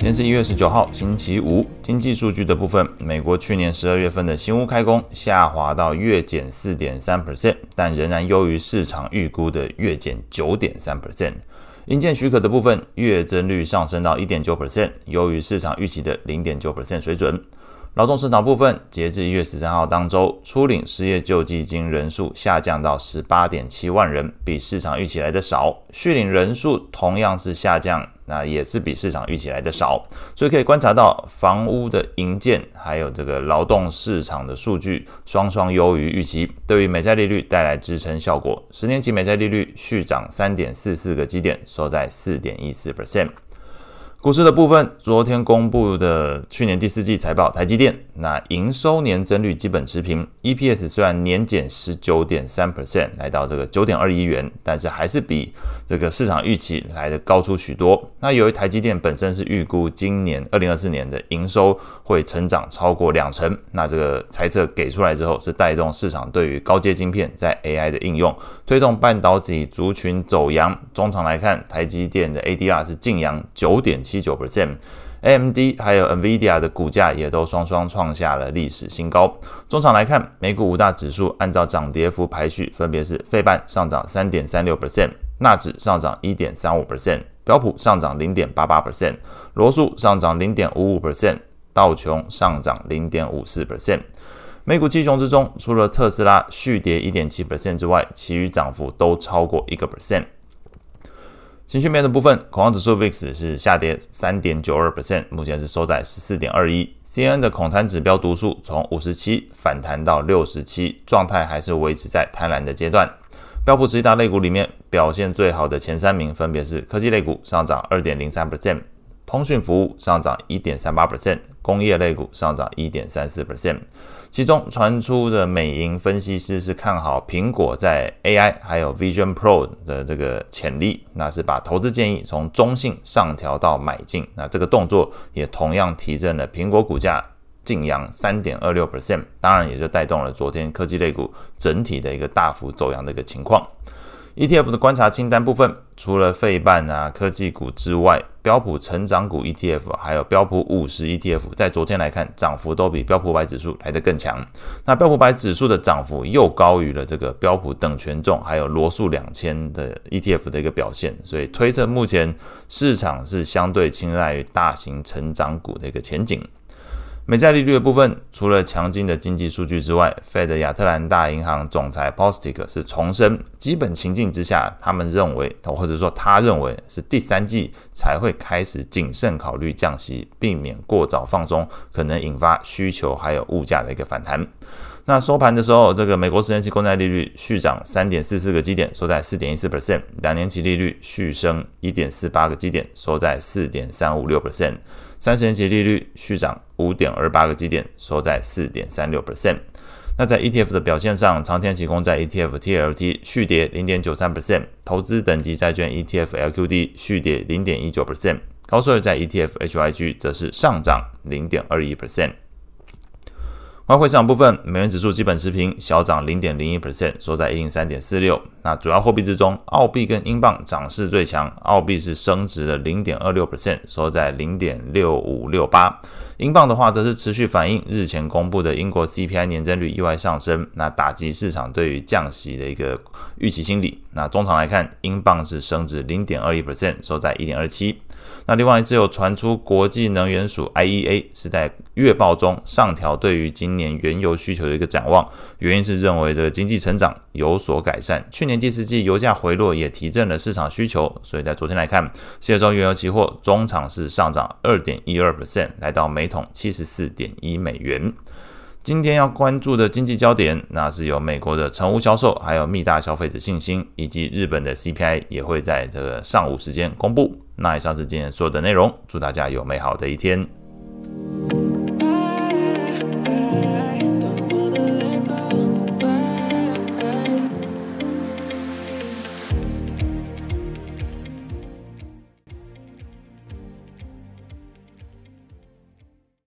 今天是一月十九號，星期五，經濟數據的部分，美國去年十二月份的新屋開工下滑到月減四點三 percent，但仍然優於市場預估的月減九點三 percent。營建許可的部分，月增率上升到一點九 percent，優於市場預期的零點九 percent 水準。勞動市場部分，截至一月十三號當周，初領失業救濟金人數下降到十八點七萬人，比市場預期來的少；續領人數同樣是下降，那也是比市場預期來的少。所以可以觀察到，房屋的營建還有這個勞動市場的數據雙雙優於預期，對於美債利率帶來支撐效果。十年期美債利率續漲三點四四個基點，收在四點一四 percent。股市的部分，昨天公布的去年第四季財報，台積電那營收年增率基本持平，EPS 雖然年減十九點三 percent，來到這個九點二一元，但是還是比這個市場預期來的高出許多。那由於台積電本身是預估今年二零二四年的營收會成長超過兩成，那這個財測給出來之後，是帶動市場對於高階晶片在 AI 的應用，推動半導體族群走揚。中場來看，台積電的 ADR 是勁揚九點七九 percent，AMD 還有 NVIDIA 的股價也都雙雙創下了歷史新高。終場來看，美股五大指數按照漲跌幅排序分，分別是：費半上漲三點三六 percent，納指上漲一點三五 percent，標普上漲零點八八 percent，羅素上漲零點五五 percent，道瓊上漲零點五四 percent。美股七雄之中，除了特斯拉續跌一點七 percent 之外，其餘漲幅都超過一個 percent。情緒面的部分，恐慌指數 VIX 是下跌三點九二 percent，目前是收在十四點二一。CNN 的恐貪指標讀數從五十七反彈到六十七，狀態還是維持在貪婪的階段。標普十一大類股裡面表現最好的前三名分別是科技類股，上漲二點零三 percent。通訊服務上漲一點三八百分，工業類股上漲一點三四百分。其中傳出的美銀分析師是看好蘋果在 AI 還有 Vision Pro 的這個潛力，那是把投資建議從中性上調到買進，那這個動作也同樣提振了蘋果股價勁揚三點二六百分，當然也就帶動了昨天科技類股整體的一個大幅走揚的一個情況。ETF 的觀察清單部分，除了費半啊、科技股之外，標普成長股 ETF 還有標普五十 ETF，在昨天來看，漲幅都比標普五百指數來得更強。那標普五百指數的漲幅又高於了這個標普等權重還有羅素兩千的 ETF 的一個表現，所以推測目前市場是相對青睞於大型成長股的一個前景。美債利率的部分，除了強勁的經濟數據之外，Fed 亞特蘭大銀行總裁波斯提克是重申，基本情境之下，他們認為，或者說他認為是第三季才會開始謹慎考慮降息，避免過早放鬆，可能引發需求還有物價的一個反彈。那收盤的時候，這個美國十年期公債利率續漲三點四四個基點，收在四點一四 percent；兩年期利率續升一點四八個基點，收在四點三五六 percent；三十年期利率續漲五點二八個基點，收在四點三六 percent。那在 ETF 的表現上，長天期公債 ETF TLT 續跌零點九三 percent，投資等級債券 ETF LQD 續跌零點一九 percent，高收益債 ETF HYG 則是上漲零點二一 percent。外匯市場部分，美元指數基本持平，小漲零點零一 percent，收在一零三點四六。那主要貨幣之中，澳幣跟英鎊漲勢最強。澳幣是升值了零點二六 percent，收在零點六五六八。英鎊的話，則是持續反映日前公布的英國 CPI 年增率意外上升，那打擊市場對於降息的一個預期心理。那終場來看，英鎊是升值零點二一 percent，收在一點二七。那另外，只有傳出國際能源署 IEA 是在月報中上調對於今年原油需求的一個展望，原因是認為這個經濟成長有所改善，去年第四季油價回落也提振了市場需求，所以在昨天來看，西德州原油期貨終場是上漲二點一二 percent 來到每桶七十四點一美元。今天要關注的經濟焦點，那是由美國的成屋銷售，還有密大消費者信心，以及日本的 CPI 也會在這個上午時間公布。那以上是今天所有的內容，祝大家有美好的一天。